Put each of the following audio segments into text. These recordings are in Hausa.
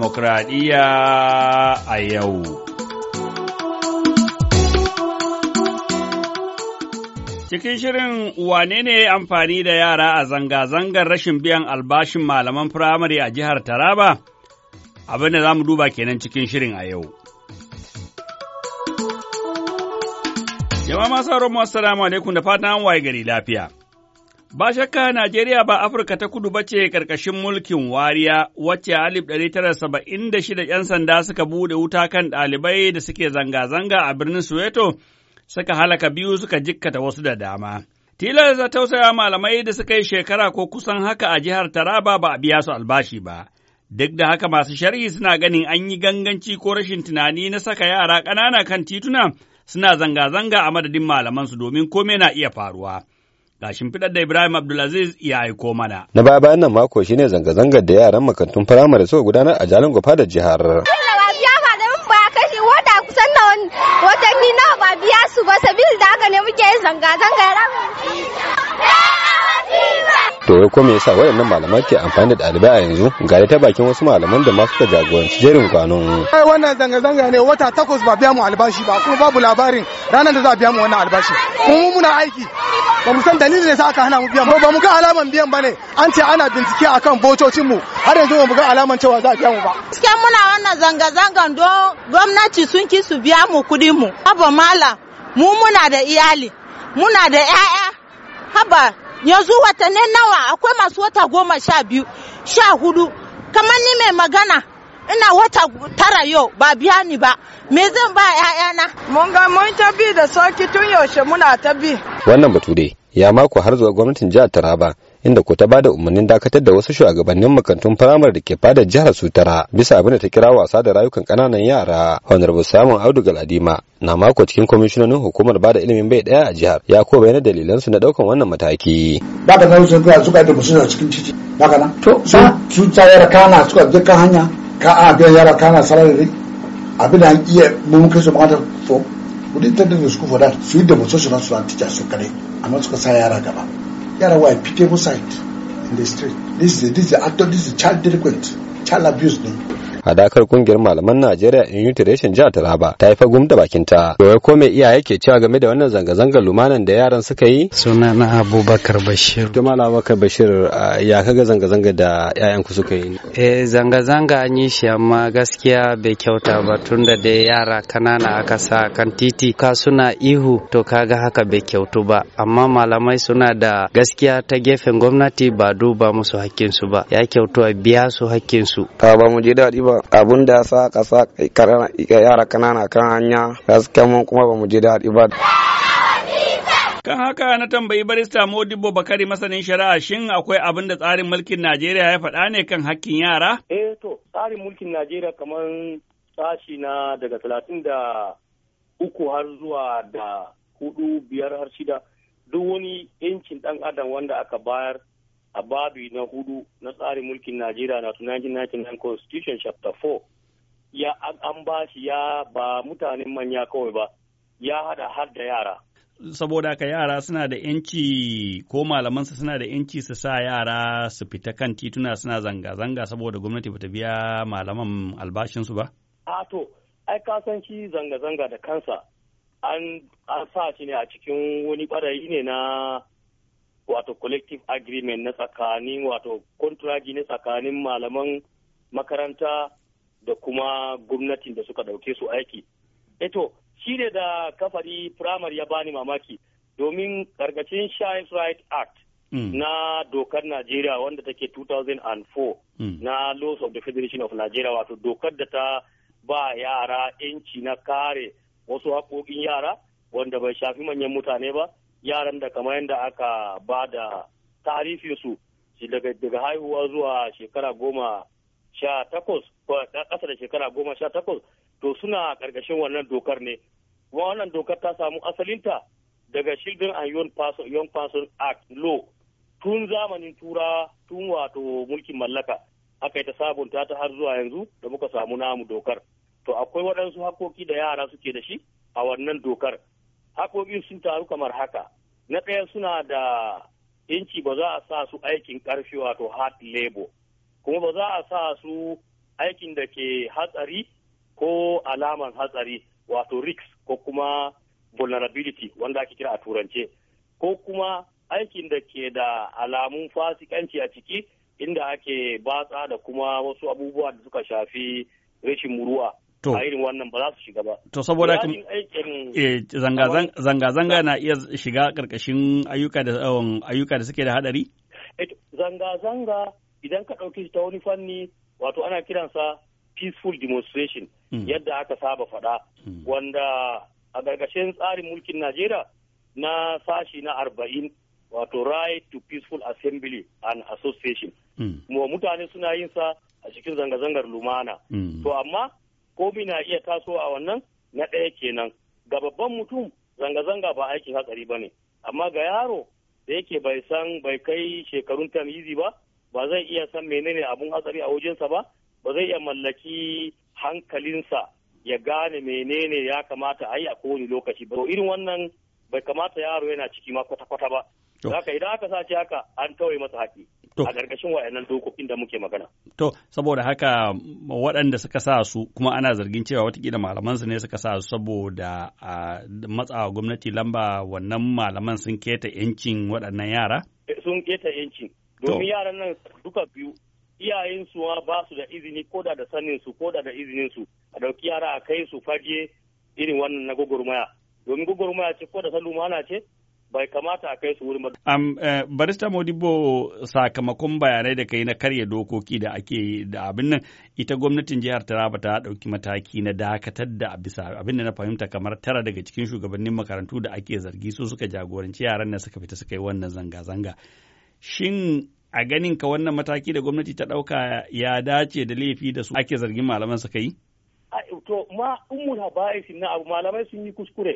demokradiyya a yau. Cikin shirin wane ne amfani da yara a zanga-zangar rashin biyan albashin malaman firamare a jihar Taraba? Abin da za mu duba kenan cikin shirin a yau. Jama'a masu haramu, Assalamu alaikum da fatan waye gari lafiya. Ba shakka Najeriya ba Afirka ta kudu ba ce ƙarƙashin mulkin wariya, wacce alif ɗari tara saba'in da shida ‘yan sanda suka buɗe wuta kan ɗalibai da suke zanga-zanga a birnin Soweto, suka halaka biyu suka jikkata wasu da dama. Tilas ta tausaya malamai da suka yi shekara ko kusan haka a jihar Taraba ba a biya su albashi ba. Duk da haka masu sharhi suna ganin an yi ganganci ko rashin tunani na saka yara ƙanana kan tituna suna zanga-zanga a madadin malamansu domin komai na iya faruwa. Ga shimfiɗar da Ibrahim Abdulaziz ya aiko mana. Na baya bayan nan mako shine zanga-zangar da yaran makantun firamare suka gudanar a Jalin Gwafa da jihar. wata watanni nawa ba biya su ba sabil da haka ne muke yin zanga-zanga to ko me yasa wayannan malaman ke amfani da ɗalibai a yanzu ga ta bakin wasu malaman da ma suka jagoranci jerin kwanon ai wannan zanga zanga ne wata takwas ba biya mu albashi ba kuma babu labarin ranar da za a biya mu wannan albashi kuma muna aiki ba mu san dalilin da yasa aka hana mu biyan ba mu ga alaman biyan ba ne an ce ana bincike akan bococin mu har yanzu ba mu ga alaman cewa za a biya mu ba cikin muna wannan zanga zangan don gwamnati sun ki su biya mu kuɗin mu haba mala mu muna da iyali muna da 'ya'ya haba yanzu watanni nawa akwai masu wata goma sha biyu sha hudu kamar ni mai magana ina wata tara yau ba biya ni ba me zan ba ‘ya'yana. mun ga mun ta bi da soki tun yaushe muna ta bi wannan batu dai ya mako har zuwa gwamnatin jihar taraba inda ko ta ba da umarnin dakatar da wasu shugabannin makarantun firamare da ke fadar jihar sutara bisa abin da ta kira wasa da rayukan ƙananan yara honorable samun audu galadima na mako cikin kwamishinanin hukumar ba da ilimin bai daya a jihar ya ko bayyana dalilansu na daukan wannan mataki da ka zama sun suka da musu cikin titi ka nan to su tsayar kana suka dukkan hanya ka a biyan yara kana salari abin da an iya mun kai su mata to we ta da them to school for that su yi demonstration na su an teacher su kare amma suka sa yara gaba The why one, sight in the street. This is this is a actor, this is a child delinquent, child abuse. No? hadakar kungiyar malaman Najeriya in Uteration jihar Taraba ta yi fagum da bakin ta. ko me iyaye ke cewa game da wannan zanga-zangar lumanan da yaran suka yi? Sunana Abubakar Bashir. To Abubakar Bashir ya kaga zanga-zanga da ƴaƴan ku suka yi? Eh zanga-zanga an yi shi amma gaskiya bai kyauta ba tunda da yara kanana aka sa kan titi ka suna ihu to kaga haka bai kyautu ba amma malamai suna da gaskiya ta gefen gwamnati ba duba musu hakkinsu ba ya kyautu a biya su hakkinsu. Ta ba mu je daɗi ba abun da ya sa ka sa yara kanana kan hanya gaskiya mun kuma ba mu ji daɗi ba. Kan haka na tambayi barista Modibo Bakari masanin shari'a shin akwai abin da tsarin mulkin Najeriya ya faɗa ne kan hakkin yara? Eh to tsarin mulkin Najeriya kamar sashi na daga talatin da uku har zuwa da hudu biyar har shida duk wani yancin ɗan adam wanda aka bayar a babi na hudu na tsarin mulkin Najeriya na 1999 Constitution Chapter 4 ya an ba shi ya ba mutanen manya kawai ba ya hada har da yara. Saboda ka yara suna da yanci ko malamansa suna da yanci su sa yara su fita kan tituna suna zanga-zanga saboda gwamnati bata biya malaman albashinsu ba? A to, ai kasan shi zanga-zanga da kansa an sa shi ne a cikin wani ɓarayi ne na wato collective agreement na tsakanin wato kontragi na tsakanin malaman makaranta da kuma gwamnatin da suka dauke su aiki. Eto, eh shi ne da kafari primary ya bani mamaki domin gargacin Child Right Act hmm. na dokar Najeriya wanda take 2004 hmm. na Laws of the Federation of Nigeria wato dokar da ta ba yara 'yanci na kare wasu haƙoƙin yara wanda bai shafi manyan mutane ba yaran da kamar yadda aka ba da ta'arifinsu daga daga haihuwa zuwa shekara goma sha takwas ƙasa da shekara goma sha takwas to suna ƙarƙashin wannan dokar ne kuma wannan dokar ta samu asalinta daga Children and Young Person, Act Law tun zamanin tura tun wato mulkin mallaka aka yi ta sabunta ta har zuwa yanzu da muka samu namu dokar to akwai waɗansu hakoki da yara suke da shi a wannan dokar haƙoƙi sun taru kamar haka na ɗaya suna da inci ba za a sa su aikin ƙarfi wato hard labor kuma ba za a sa su aikin da ke hatsari ko alaman hatsari wato risk ko kuma vulnerability wanda ake kira a turance ko kuma aikin da ke da alamun fasikanci a ciki inda ake batsa da kuma wasu abubuwa da suka shafi rashin muruwa To. A irin wannan ba za su shiga ba. To saboda haka eh, zanga-zanga na iya shiga ƙarƙashin ayyuka da um, ayyuka da suke da haɗari? Eh, zanga-zanga idan ka ɗauki ta wani fanni wato ana kiransa peaceful demonstration hmm. yadda aka saba faɗa hmm. wanda a gargashin tsarin mulkin Najeriya na sashi na arba'in wato right to peaceful assembly and association. Hmm. mutane suna yin sa a cikin zanga-zangar lumana. To amma komi na iya taso a wannan na ɗaya kenan ga babban mutum zanga-zanga ba aikin hatsari ba ne amma ga yaro da yake bai san bai kai shekarun tamizi ba ba zai iya san menene abun hatsari a wajensa ba ba zai iya mallaki hankalinsa ya gane menene ya kamata a yi a kowane lokaci ba irin wannan bai kamata yaro yana ciki ma kwata-kwata ba haka idan aka sace haka an kawai masa haƙi a ƙarƙashin wayannan dokokin da muke magana. To, saboda haka waɗanda suka sa su kuma ana zargin cewa watakila su ne suka sa su saboda a matsawa gwamnati lamba wannan malaman sun keta 'yancin waɗannan yara? Eh, sun keta 'yancin. Domin yaran nan duka biyu su ma ba su da izini ko da da sanin su ko da da izinin su a dauki yara a kai su faje irin wannan na gwagwarmaya. Domin gwagwarmaya ce ko da ana ce bai kamata a kai su wurin um, uh, barista modibo sakamakon bayanai da kai na karya dokoki da ake da abin nan ita gwamnatin jihar taraba ta dauki mataki na dakatar da bisa abin da na fahimta kamar tara daga cikin shugabannin makarantu da ake zargi su suka jagoranci yaran na suka fita suka yi wannan zanga-zanga shin a ganin ka wannan mataki da gwamnati ta dauka ya dace da laifi da su ake zargin malaman suka yi to ma ya haba'is na abu malamai sun yi kuskure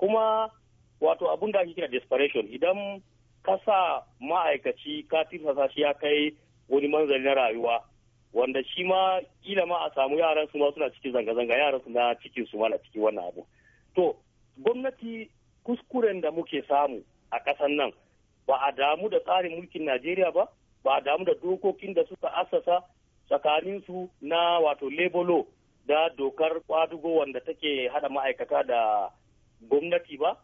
kuma wato abun da ake kira desperation idan ka sa ma'aikaci ka tirsasa shi ya kai wani manzali na rayuwa wanda shi ma kila ma a samu yaran su ma suna cikin zanga-zanga yaran su na cikin su ma na cikin wannan abu to gwamnati kuskuren da muke samu a ƙasan nan ba a damu da tsarin mulkin Najeriya ba ba a damu da dokokin da suka assasa tsakanin su na wato lebolo da dokar kwadugo wanda take hada ma'aikata da gwamnati ba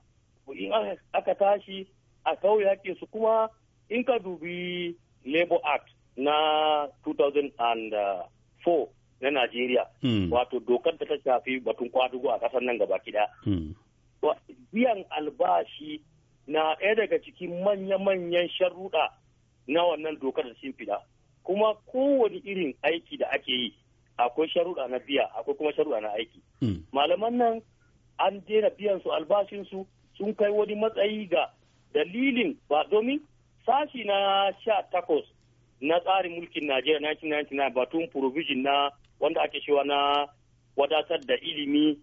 in aka tashi a kauye hake su kuma in ka dubi labor act na 2004 na Najeriya hmm. wato dokar da ta shafi batun kwadugo a kasar nan gaba kida hmm. biyan albashi na ɗaya daga cikin manya-manyan sharuɗa na wannan dokar da sun fida kuma kowane irin aiki da ake yi akwai sharuɗa na biya akwai kuma sharuɗa na aiki hmm. malaman nan an daina biyan su albashin sun kai wani matsayi ga dalilin ba domin sashi na sha takwas na tsarin mulkin Najeriya 1999 batun provision na wanda ake cewa na wadatar da ilimi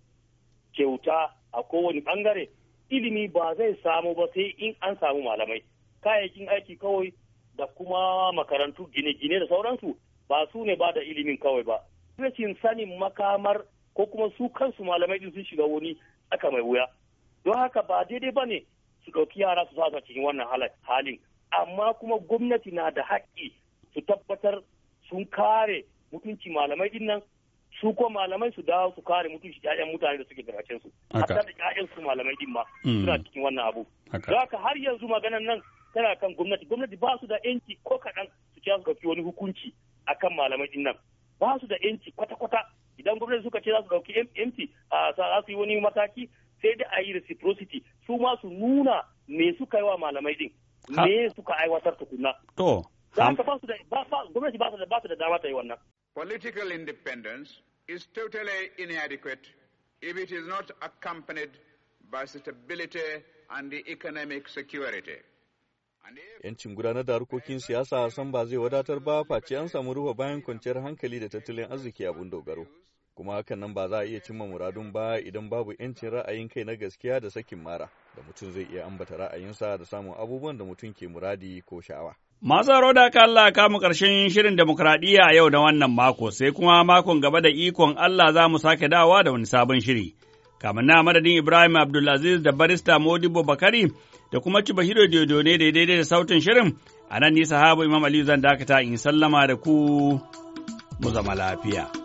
kyauta a kowane bangare ilimi ba zai samu ba sai in an samu malamai kayayyakin aiki kawai da kuma makarantu gine-gine da sauransu ba su ne ba da ilimin kawai ba rashin sanin makamar ko kuma su kansu malamai din sun shiga wani tsaka mai wuya don haka ba daidai ba ne su ɗauki yara su sa cikin wannan halin amma kuma gwamnati na da haƙƙi su tabbatar sun kare mutunci malamai din nan su ko malamai su dawo su kare mutunci ƴaƴan mutane da suke garacin su hatta da ƴaƴan su malamai din ma mm. suna cikin wannan abu don haka har yanzu maganan nan tana kan gwamnati gwamnati ba su da yanci ko kaɗan su ci su wani hukunci akan malamai din nan ba su da yanci kwata-kwata idan gwamnati suka ce za su ɗauki yanci za su yi wani mataki sai dai a yi reciprocity su ma su nuna me suka yi wa malamai din me suka aiwatar tukunna to gwamnati ba su da da dama ta yi wannan political independence is totally inadequate if it is not accompanied by stability and the economic security Yancin gudanar da harkokin siyasa san ba zai wadatar ba face an samu ruwa bayan kwanciyar hankali da tattalin arziki abun dogaro. kuma hakan nan ba za a iya cimma muradun ba idan babu 'yancin ra'ayin kai na gaskiya da sakin mara da mutum zai iya ambata ra'ayinsa da samun abubuwan da mutum ke muradi ko sha'awa. Masu haro da aka Allah kamu ƙarshen shirin demokradiyya a yau da wannan mako sai kuma makon gaba da ikon Allah za mu sake dawa da wani sabon shiri. Kamar na madadin Ibrahim Abdulaziz da barista Modibo Bakari da kuma Cibahiro Dodo da daidai da sautin shirin a nan ni sahabu Imam Aliyu zan dakata in sallama da ku mu zama lafiya.